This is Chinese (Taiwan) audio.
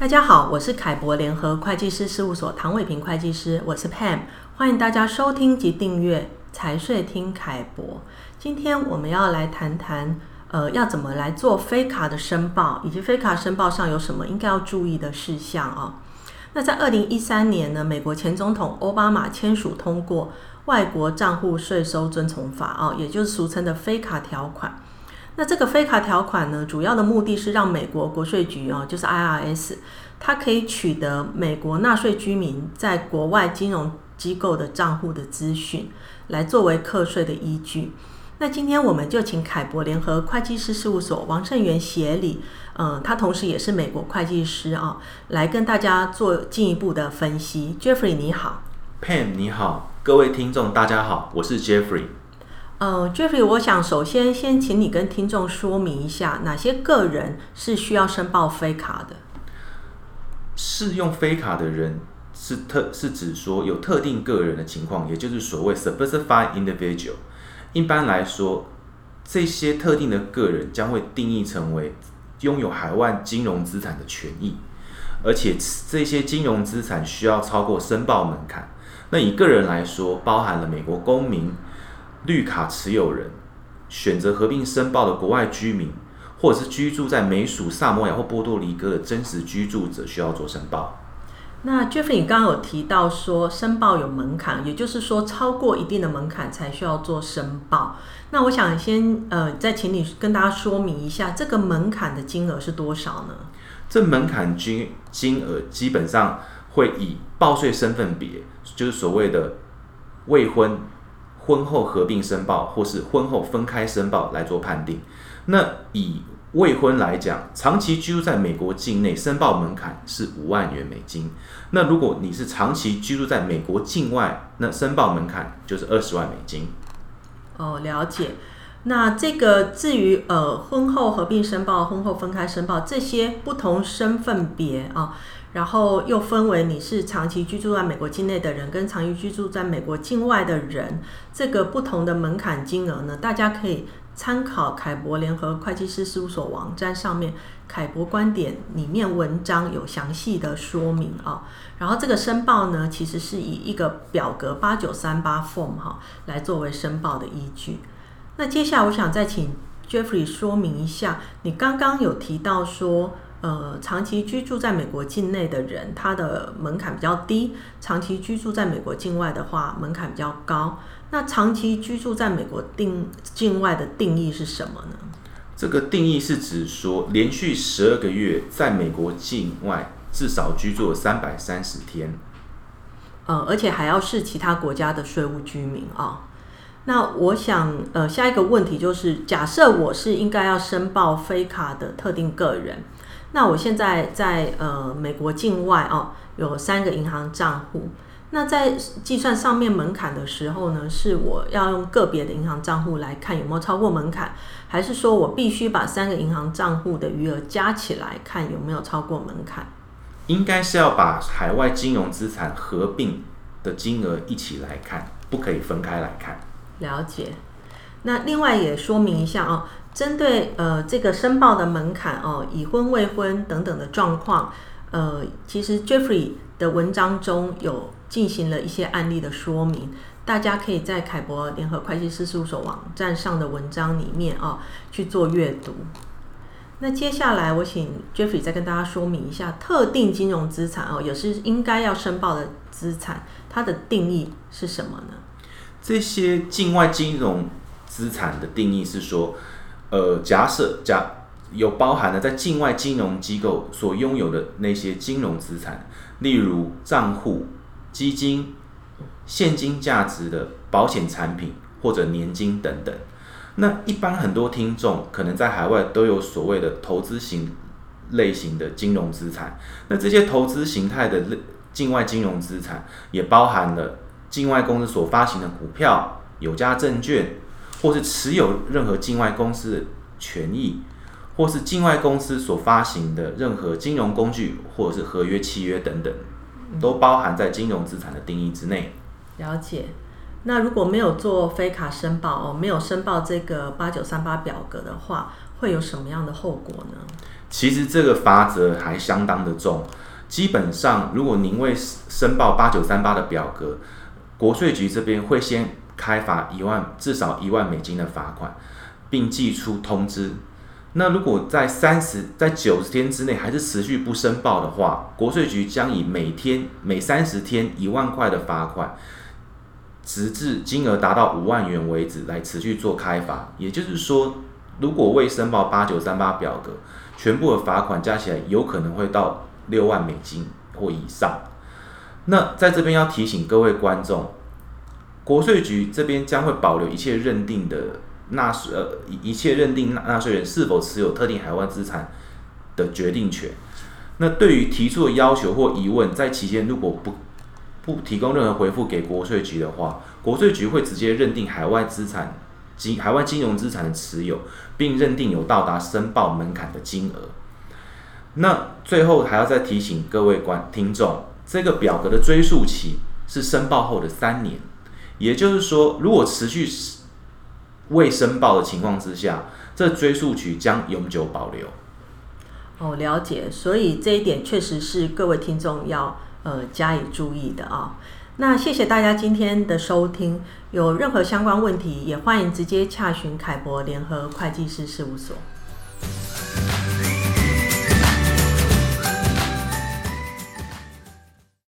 大家好，我是凱博聯合會計師事務所唐偉平會計師，我是 Pam，歡迎大家收聽及訂閱財稅廳凱博。今天我們要來談談，呃，要怎麼來做非卡的申報，以及非卡申報上有什麼應該要注意的事項啊、哦？那在二零一三年呢，美國前總統奧巴馬簽署通過外國賬戶稅收遵從法啊、哦，也就是俗稱的非卡條款。那這個肥咖條款呢，主要的目的是讓美國國稅局啊、哦，就是 IRS，它可以取得美國納稅居民在國外金融機構的賬戶的資訊，來作為課稅的依據。那今天我們就請凱博聯合會計師事務所王勝元協理，嗯，他同時也是美國會計師啊、哦，來跟大家做進一步的分析。Jeffrey 你好，Pen 你好，各位聽眾大家好，我是 Jeffrey。嗯、oh，Jeffrey 我想首先先請你跟聽眾說明一下，哪些個人是需要申報非卡的？適用非卡的人是特是指說有特定個人的情況，也就是所謂 specified individual。一般來說，這些特定的個人將會定義成為擁有海外金融資產的權益，而且這些金融資產需要超過申報門檻。那以個人來說，包含了美國公民。綠卡持有人選擇合併申報的國外居民，或者是居住在美屬薩摩亞或波多黎各的真實居住者，需要做申報。那 Jeffrey 剛剛有提到說，申報有門檻，也就是說超過一定的門檻才需要做申報。那我想先呃，再請你跟大家說明一下，這個門檻的金額是多少呢？這門檻金金額基本上會以報稅身份別，就是所謂的未婚。婚後合併申報，或是婚後分開申報來做判定。那以未婚來講，長期居住在美國境內，申報門檻是五萬元美金。那如果你是長期居住在美國境外，那申報門檻就是二十萬美金。哦，了解。那這個至於呃婚後合併申報，婚後分開申報這些不同身份別啊、哦，然後又分為你是長期居住在美國境內的人跟長期居住在美國境外的人，這個不同的門檻金額呢，大家可以參考凱博聯合會計師事務所網站上面凱博觀點裡面文章有詳細的說明啊、哦。然後這個申報呢，其實是以一個表格八九三八 form 哈，哦，來作為申報的依據。那接下來我想再請 Jeffrey 說明一下，你剛剛有提到說，呃，長期居住在美國境內的人，他的門檻比較低；長期居住在美國境外的話，門檻比較高。那長期居住在美國定境外的定義是什麼呢？這個定義是指說，連續十二個月在美國境外至少居住了三百三十天，呃，而且還要是其他國家的稅務居民啊、哦。那我想，呃，下一個問題就是，假設我是應該要申報 FATCA 的特定個人，那我現在在呃美國境外哦，有三個銀行賬戶。那在計算上面門檻的時候呢，是我要用個別的銀行賬戶來看有沒有超過門檻，還是說我必須把三個銀行賬戶的餘額加起來看有沒有超過門檻？應該是要把海外金融資產合併的金額一起來看，不可以分開來看。了解，那另外也說明一下啊、哦，針對呃這個申報的門檻哦，已婚未婚等等的狀況，呃，其實 Jeffrey 的文章中有進行了一些案例的說明，大家可以在凱博聯合會計師事務所網站上的文章裡面啊、哦，去做閱讀。那接下來我請 Jeffrey 再跟大家說明一下，特定金融資產哦，也是應該要申報的資產，它的定義是什麼呢？這些境外金融資產的定義是說，呃，假設假有包含了在境外金融機構所擁有的那些金融資產，例如賬戶、基金、現金價值的保險產品或者年金等等。那一般很多聽眾可能在海外都有所謂的投資型類型的金融資產，那這些投資形態的類境外金融資產也包含了。境外公司所發行的股票、有價證券，或是持有任何境外公司的權益，或是境外公司所發行的任何金融工具，或者是合約契約等等，都包含在金融資產的定義之內。嗯。了解。那如果沒有做非卡申報，哦，沒有申報這個八九三八表格的話，會有什麼樣的後果呢？其實這個罰則還相當的重。基本上，如果您未申報八九三八的表格，國稅局這邊會先開罰一萬，至少一萬美金的罰款，並寄出通知。那如果在三十，在九十天之內還是持續不申報的話，國稅局將以每天每三十天一萬塊的罰款，直至金額達到五萬元為止，來持續做開罰。也就是說，如果未申報八九三八表格，全部的罰款加起來有可能會到六萬美金或以上。那在這邊要提醒各位觀眾，國稅局這邊將會保留一切認定的納稅，呃，一切認定納納稅人是否持有特定海外資產的決定權。那對於提出的要求或疑問，在期間如果不不提供任何回復給國稅局的話，國稅局會直接認定海外資產及海外金融資產的持有，並認定有到達申報門檻的金額。那最後還要再提醒各位觀聽眾。這個表格的追溯期是申報後的三年，也就是說，如果持續未申報的情況之下，這追溯期將永久保留。哦，了解，所以這一點確實是各位聽眾要呃加以注意的啊。那謝謝大家今天的收聽，有任何相關問題也歡迎直接洽詢凱博聯合會計師事務所。